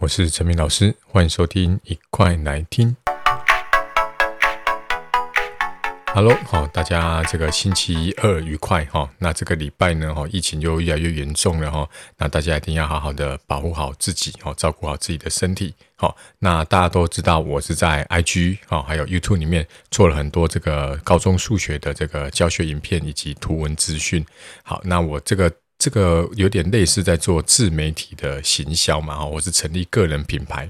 我是陳明老師，歡迎收聽，一塊來聽。Hello，好，大家這個星期二愉快哈。那這個禮拜呢，哈，疫情又越來越嚴重了哈。那大家一定要好好的保護好自己，哈，照顧好自己的身體。好，那大家都知道，我是在 IG 哈，還有 YouTube 裡面做了很多這個高中數學的這個教學影片以及圖文資訊。好，那我這個。這個有點類似在做自媒體的行銷嘛，我是成立個人品牌，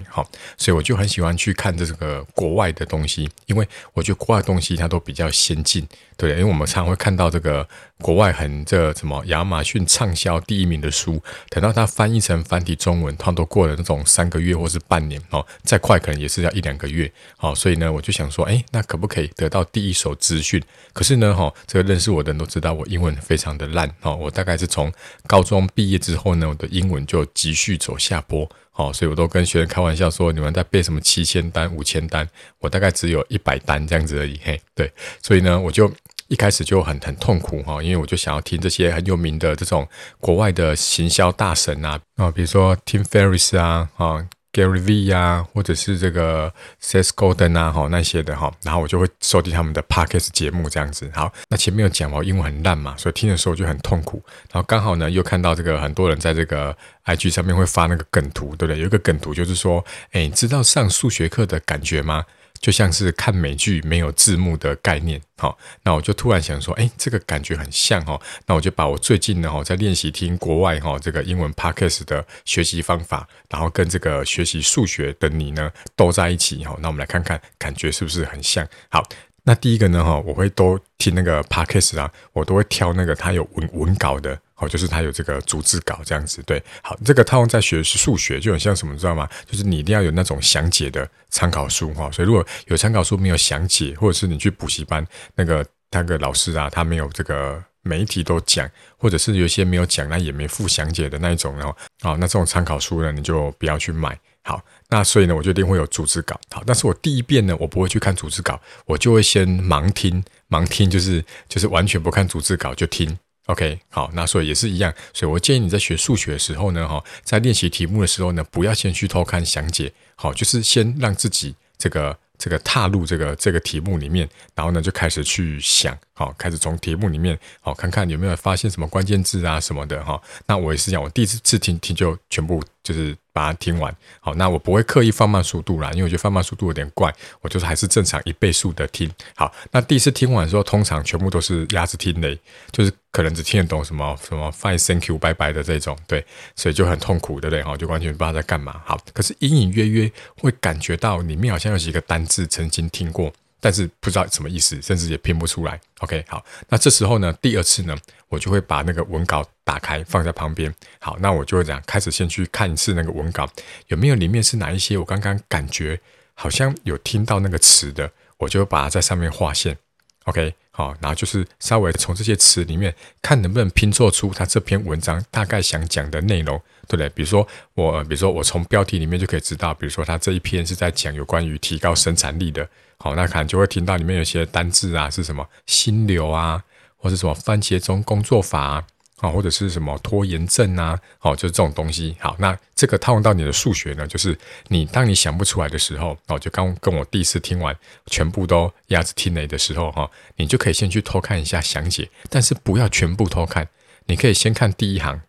所以我就很喜歡去看這個國外的東西，因為我覺得國外的東西它都比較先進，對，因為我們常會看到這個國外很這個、什麼亞馬遜暢銷第一名的書，等到它翻譯成繁體中文，它都過了那種三個月或是半年，哦，再快可能也是要一兩個月，哦，所以呢，我就想說，哎，那可不可以得到第一手資訊？可是呢，這個認識我的人都知道我英文非常的爛，哦，我大概是從。高中畢業之後呢，我的英文就急速走下坡，好、哦，所以我都跟學生開玩笑說，你們在背什麼七千單、五千單，我大概只有一百單這樣子而已，嘿，對，所以呢，我就一開始就很很痛苦哈、哦，因為我就想要聽這些很有名的這種國外的行銷大神啊，啊、哦，比如說 Tim Ferriss 啊，啊、哦。Gary V 呀、啊，或者是這個 Seth Golden 啊，哈那些的哈，然後我就會收集他們的 podcast 節目這樣子。好，那前面有講哦，英文很爛嘛，所以聽的時候就很痛苦。然後剛好呢，又看到這個很多人在這個 IG 上面會發那個梗圖，對不對？有一個梗圖就是說，哎，你知道上數學課的感覺嗎？就像是看美劇沒有字幕的概念，好，那我就突然想說，哎，這個感覺很像哦，那我就把我最近呢，在練習聽國外哈這個英文 podcast 的學習方法，然後跟這個學習數學的你呢，兜在一起，那我們來看看，感覺是不是很像，好。那第一個呢，哈，我會都聽那個 podcast 啊，我都會挑那個他有文文稿的，好，就是他有這個逐字稿這樣子。對，好，這個他用在學是數學，就很像什麼知道嗎？就是你一定要有那種詳解的參考書哈，所以如果有參考書沒有詳解，或者是你去補習班那個那個老師啊，他沒有這個。每一題都講，或者是有些沒有講，那也沒附詳解的那一種，然、哦、好，那這種參考書呢，你就不要去買。好，那所以呢，我就一定會有組織稿。好，但是我第一遍呢，我不會去看組織稿，我就會先盲聽，盲聽就是就是完全不看組織稿就聽。OK，好，那所以也是一樣，所以我建議你在學數學的時候呢，哈、哦，在練習題目的時候呢，不要先去偷看詳解，好，就是先讓自己這個。這個踏入這個這個題目裡面，然後呢就開始去想，好、哦，開始從題目裡面，好、哦，看看有沒有發現什麼關鍵字啊什麼的，哈、哦。那我也是想，我第一次聽聽就全部。就是把它聽完，好，那我不會刻意放慢速度啦，因為我覺得放慢速度有點怪，我就是還是正常一倍速的聽。好，那第一次聽完的時候，通常全部都是鴨子聽雷，就是可能只聽得懂什麼什麼 fine，thank you，拜拜的這種，對，所以就很痛苦的嘞，好，就完全不知道在幹嘛。好，可是隱隱約約會感覺到裡面好像有幾個單字曾經聽過。但是不知道什麼意思，甚至也拼不出來。OK，好，那這時候呢，第二次呢，我就會把那個文稿打開，放在旁邊。好，那我就會這樣開始先去看一次那個文稿，有沒有裡面是哪一些我剛剛感覺好像有聽到那個詞的，我就會把它在上面劃線。OK。好，然後就是稍微從這些詞裡面看能不能拼湊出他這篇文章大概想講的內容，對不對？比如說我，呃，比如說我從標題裡面就可以知道，比如說他這一篇是在講有關於提高生產力的。好，那可能就會聽到裡面有些單字啊，是什麼心流啊，或是什麼番茄鐘工作法啊。啊，或者是什麼拖延症啊，哦，就是這種東西。好，那這個套用到你的數學呢，就是你當你想不出來的時候，哦，就剛跟我第一次聽完全部都鴨子聽雷的時候，哦，你就可以先去偷看一下詳解，但是不要全部偷看，你可以先看第一行，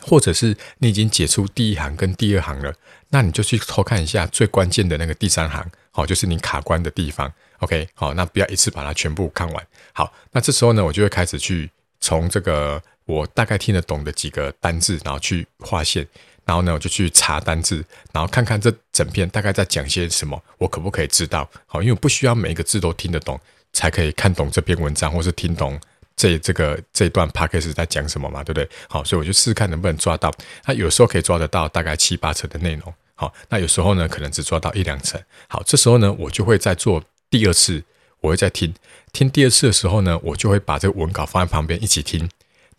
或者是你已經解出第一行跟第二行了，那你就去偷看一下最關鍵的那個第三行，好，哦，就是你卡關的地方。OK，好，哦，那不要一次把它全部看完。好，那這時候呢，我就會開始去從這個。我大概聽得懂的幾個單字，然後去劃線，然後呢，我就去查單字，然後看看這整篇大概在講些什麼，我可不可以知道？好，因為我不需要每一個字都聽得懂，才可以看懂這篇文章，或是聽懂這這個這一段 Podcast 在講什麼嘛，對不對？好，所以我就試試看能不能抓到。那有時候可以抓得到，大概七八成的內容。好，那有時候呢，可能只抓到一兩成。好，這時候呢，我就會再做第二次，我會再聽，聽第二次的時候呢，我就會把這個文稿放在旁邊一起聽。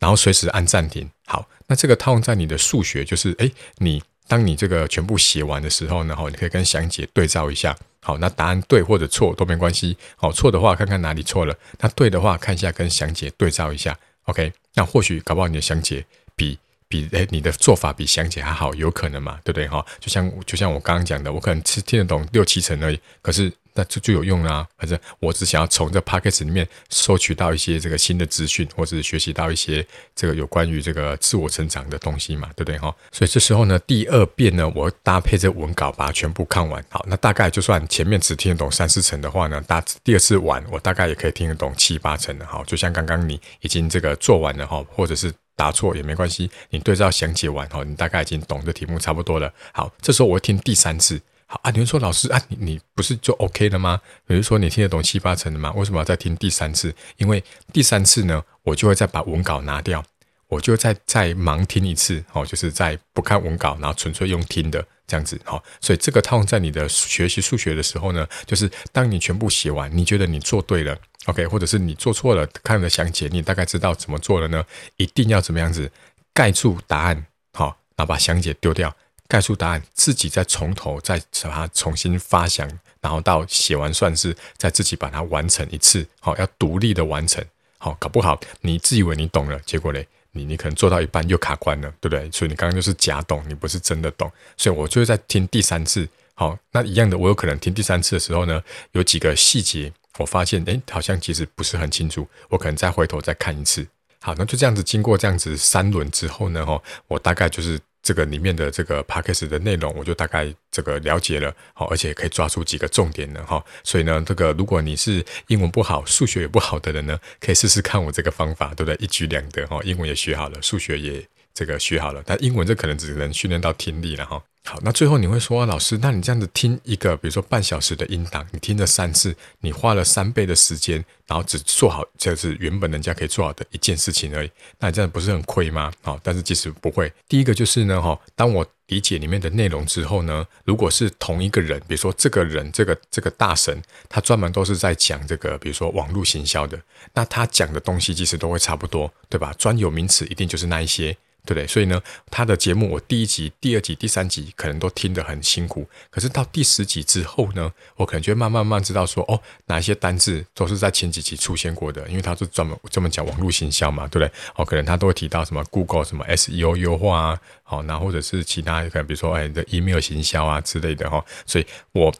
然後隨時按暫停。好，那這個套用在你的數學，就是哎，你當你這個全部寫完的時候呢，然後你可以跟詳解對照一下。好，那答案對或者錯都沒關係。好，錯的話看看哪裡錯了。那對的話，看一下跟詳解對照一下。OK，那或許搞不好你的詳解比比誒你的做法比詳解還好，有可能嘛，對不對哈？就像就像我剛剛講的，我可能只聽得懂六七成而已，可是。那就有用啦、啊，反正我只想要從這 Podcast 裡面收取到一些這個新的資訊，或者是學習到一些這個有關於這個自我成長的東西嘛，對不對哈？所以這時候呢，第二遍呢，我搭配這文稿把它全部看完。好，那大概就算前面只聽得懂三四成的話呢，大第二次完，我大概也可以聽得懂七八成的。好，就像剛剛你已經這個做完了哈，或者是答錯也沒關係，你對照詳解完哈，你大概已經懂這題目差不多了。好，這時候我會聽第三次。好啊，比如說老師啊，你你不是就 OK 了嗎？比如說你聽得懂七八成的嗎？為什麼要再聽第三次？因為第三次呢，我就會再把文稿拿掉，我就會再再盲聽一次，哦，就是再不看文稿，然後純粹用聽的這樣子，好、哦。所以這個套用在你的學習數學的時候呢，就是當你全部寫完，你覺得你做對了，OK，或者是你做錯了，看了詳解，你大概知道怎麼做了呢？一定要怎麼樣子蓋住答案，好、哦，然後把詳解丟掉。概述答案，自己再從頭再把它重新發想，然後到寫完算式，再自己把它完成一次。好、哦，要獨立的完成。好、哦，搞不好你自以為你懂了，結果嘞，你你可能做到一半又卡關了，對不對？所以你剛剛就是假懂，你不是真的懂。所以我就在聽第三次。好、哦，那一樣的，我有可能聽第三次的時候呢，有幾個細節我發現，哎，好像其實不是很清楚，我可能再回頭再看一次。好，那就這樣子，經過這樣子三輪之後呢，哈、哦，我大概就是。這個裡面的這個 podcast 的內容，我就大概這個了解了，好，而且可以抓住幾個重點的哈。所以呢，這個如果你是英文不好、數學也不好的人呢，可以試試看我這個方法，對不對？一舉兩得哈，英文也學好了，數學也。這個學好了，但英文這可能只能訓練到聽力了哈。好，那最後你會說、啊，老師，那你這樣子聽一個，比如說半小時的音檔，你聽了三次，你花了三倍的時間，然後只做好就、這個、是原本人家可以做好的一件事情而已，那你這樣不是很虧嗎？好，但是其實不會，第一個就是呢哈、哦，當我理解裡面的內容之後呢，如果是同一個人，比如說這個人這個這個大神，他專門都是在講這個，比如說網絡行銷的，那他講的東西其實都會差不多，對吧？專有名詞一定就是那一些。對不對？所以呢，他的節目我第一集、第二集、第三集可能都聽得很辛苦，可是到第十集之後呢，我可能就會慢慢慢慢知道說，哦，哪一些單字都是在前幾集出現過的，因為他是專門專門講網絡行銷嘛，對不對？哦，可能他都會提到什麼 Google 什麼 SEO 優化啊，好、哦，那或者是其他可能比如說哎，你的 email 行銷啊之類的哈、哦，所以我。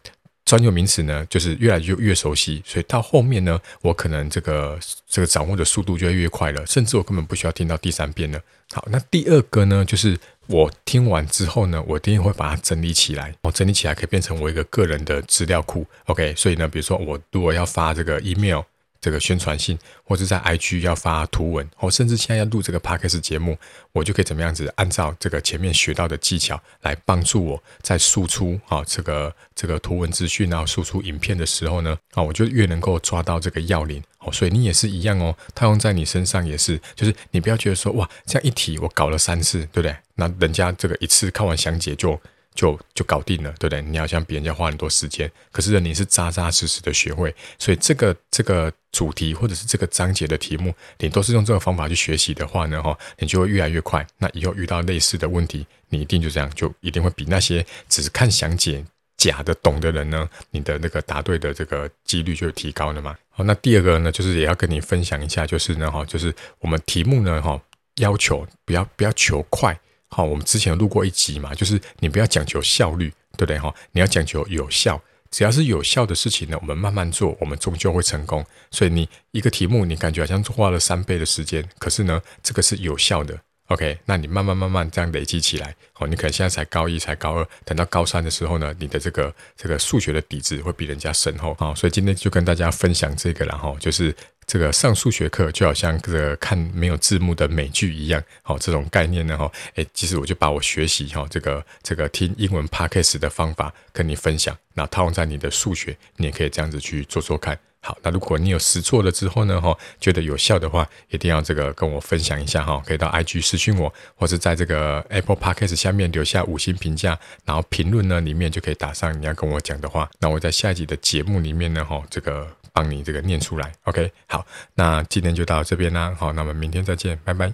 專有名詞呢，就是越來越越熟悉，所以到後面呢，我可能這個這個掌握的速度就會越快了，甚至我根本不需要聽到第三遍了。好，那第二個呢，就是我聽完之後呢，我一定會把它整理起來，我整理起來可以變成我一個個人的資料庫。OK，所以呢，比如說我如果要發這個 email。這個宣傳信，或者在 IG 要發圖文、哦，甚至現在要錄這個 Podcast 節目，我就可以怎麼樣子？按照這個前面學到的技巧來幫助我，在輸出、哦這個、這個圖文資訊，然後輸出影片的時候呢、哦，我就越能夠抓到這個要領、哦。所以你也是一樣哦，套用在你身上也是，就是你不要覺得說哇，這樣一題我搞了三次，對不對？那人家這個一次看完詳解就。就就搞定了，對不對？你要像別人家花很多時間，可是呢，你是扎扎實實的學會，所以這個這個主題或者是這個章節的題目，你都是用這個方法去學習的話呢、哦，你就會越來越快。那以後遇到類似的問題，你一定就這樣，就一定會比那些只是看詳解假的懂的人呢，你的那個答對的這個幾率就提高了嘛。好、哦，那第二個呢，就是也要跟你分享一下，就是呢、哦，就是我們題目呢，哦、要求不要不要求快。好、，我們之前錄過一集嘛，就是你不要講求效率，對不對哈？你要講求有效，只要是有效的事情呢，我們慢慢做，我們終究會成功。所以你一個題目，你感覺好像花了三倍的時間，可是呢，這個是有效的。OK，那你慢慢慢慢這樣累積起來，哦，你可能現在才高一、才高二，等到高三的時候呢，你的這個這個數學的底子會比人家深厚。好、，所以今天就跟大家分享這個啦，然後就是。這個上數學課就好像這個看沒有字幕的美劇一樣，這種概念呢，誒，其實我就把我學習這個這個聽英文 Podcast 的方法跟你分享，然後套用在你的數學，你也可以這樣子去做做看。好，那如果你有實作了之後呢，齁，覺得有效的話，一定要這個跟我分享一下齁，可以到 I G 私訊我，或者在這個 Apple Podcast 下面留下五星評價，然後評論呢裡面就可以打上你要跟我講的話，那我在下一集的節目裡面呢，齁，這個幫你這個念出來。OK，好，那今天就到這邊啦，好，那我們明天再見，拜拜。